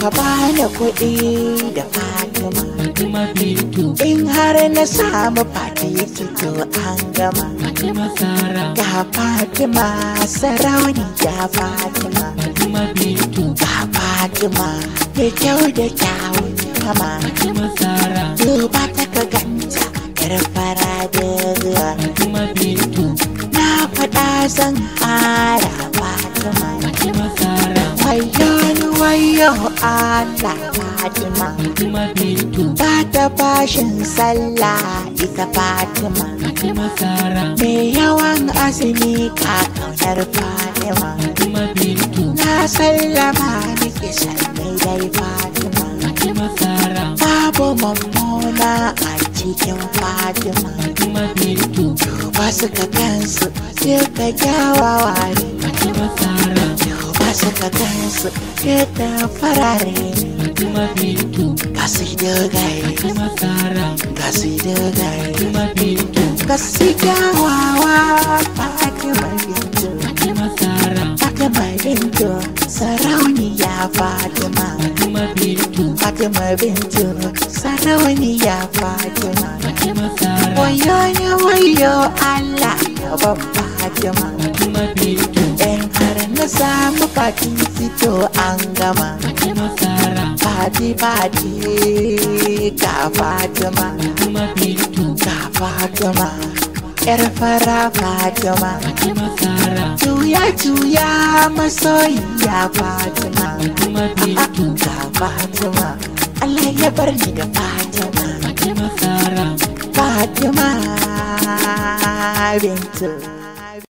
ka bani kuɗi da Fatima in har na samu fati to an gama ga Fatima sarauniya Fatima ga Fatima da kyau da kyau kama duba ta ka ganta yar fara da bintu na faɗa zan ai yau Allah Fatima Fatima bintu ba ta bashin sallah ita Fatima Fatima Sara me yawan azumi ka kaunar Fatima Fatima bintu na sallama nake sallai dai Fatima Fatima Sara babu mummuna a cikin Fatima Fatima bintu ba su ka kansu sai ka kyawawa ne Fatima Sara suka taso yadda farare kuma bintu ga su dogaye kuma kara ga su dogaye kuma bintu ga su gawawa fatima bintu fatima kara fatima bintu sarauniya fatima fatima bintu fatima bintu sarauniya fatima fatima kara wayo wayo allah ya babba fatima fatima bintu na samu kakin sito an gama fati fati ka fatima ka fatima yar fara fatima juya juya masoyiya fatima ka fatima Allah ya bar ni da fatima fatima bintu